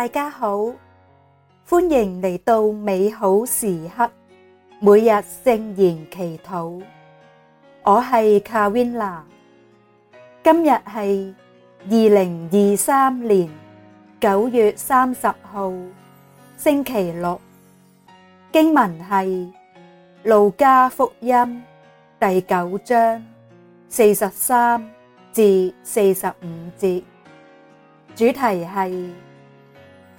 大家好，歡迎嚟到美好時刻，每日聖言祈禱。我係 Carina，今日係二零二三年九月三十號星期六，經文係路加福音第九章四十三至四十五節，主題係。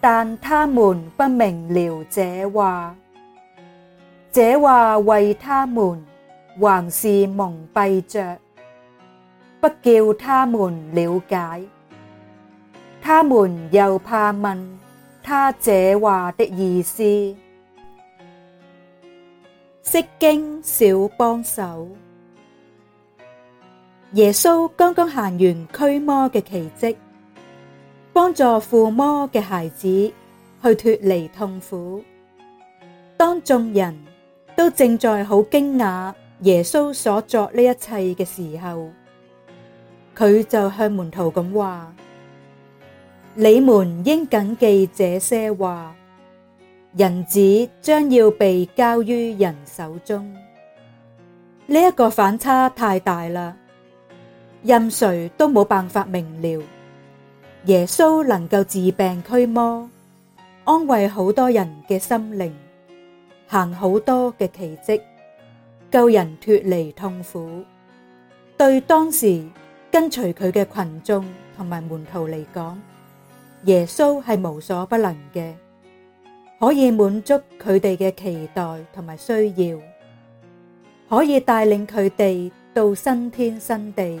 但他們不明了這話，這話為他們還是蒙蔽着，不叫他們了解。他們又怕問他這話的意思。釋經小幫手，耶穌剛剛行完驅魔嘅奇蹟。幫助附魔嘅孩子去脫離痛苦。當眾人都正在好驚訝耶穌所作呢一切嘅時候，佢就向門徒咁話：你們應謹記這些話，人子將要被交於人手中。呢、這、一個反差太大啦，任誰都冇辦法明了。耶穌能夠治病驅魔，安慰好多人嘅心靈，行好多嘅奇蹟，救人脱離痛苦。對當時跟隨佢嘅群眾同埋門徒嚟講，耶穌係無所不能嘅，可以滿足佢哋嘅期待同埋需要，可以帶領佢哋到新天新地。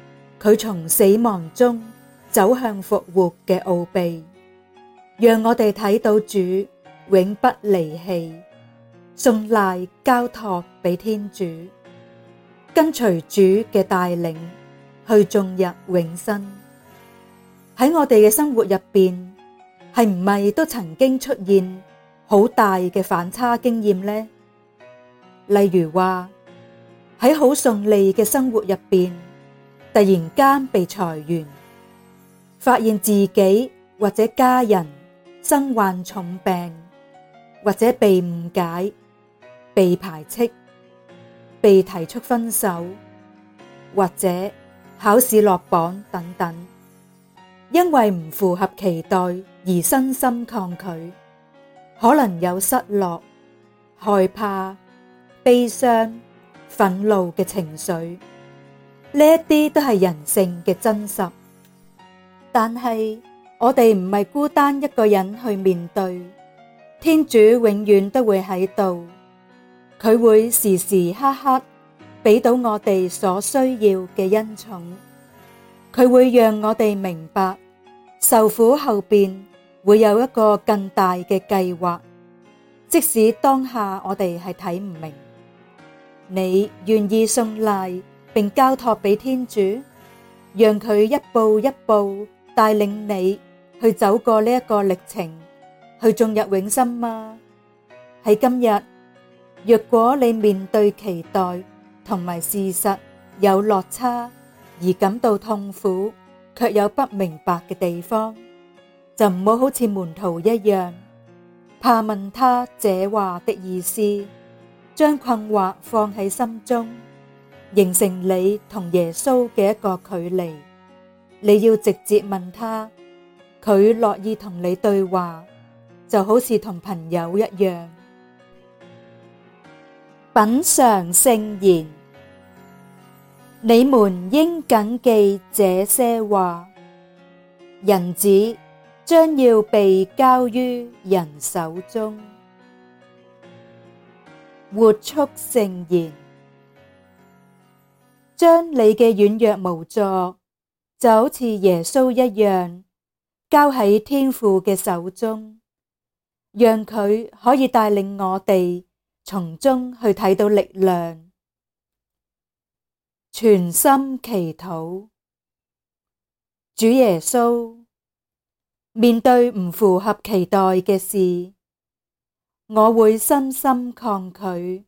佢從死亡中走向復活嘅奧秘，讓我哋睇到主永不離棄，信賴交託俾天主，跟隨主嘅帶領去進入永生。喺我哋嘅生活入邊，係唔係都曾經出現好大嘅反差經驗呢？例如話喺好順利嘅生活入邊，突然間被裁員，發現自己或者家人身患重病，或者被誤解、被排斥、被提出分手，或者考試落榜等等，因為唔符合期待而心生抗拒，可能有失落、害怕、悲傷、憤怒嘅情緒。呢一啲都係人性嘅真實，但係我哋唔係孤單一個人去面對，天主永遠都會喺度，佢會時時刻刻俾到我哋所需要嘅恩寵，佢會讓我哋明白受苦後邊會有一個更大嘅計劃，即使當下我哋係睇唔明，你願意信賴並交託俾天主，讓佢一步一步帶領你去走過呢一個歷程，去進入永生嘛，啊。喺今日，若果你面對期待同埋事實有落差而感到痛苦，卻有不明白嘅地方，就唔好好似門徒一樣，怕問他這話的意思，將困惑放喺心中。形成你同耶穌嘅一個距離，你要直接問他，佢樂意同你對話，就好似同朋友一樣。品嘗聖言，你們應謹記這些話，人子將要被交於人手中，活出聖言。將你嘅軟弱無助，就好似耶穌一樣，交喺天父嘅手中，讓佢可以帶領我哋，從中去睇到力量。全心祈禱，主耶穌，面對唔符合期待嘅事，我會深深抗拒。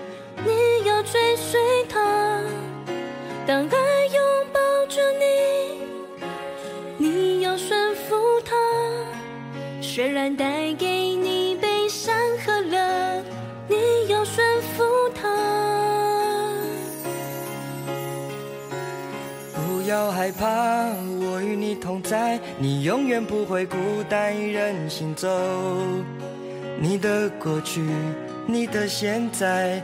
追隨他，當愛擁抱着你，你要順服他。雖然帶給你悲傷和樂，你要順服他。不要害怕，我與你同在，你永遠不會孤單，一人行走。你的過去，你的現在。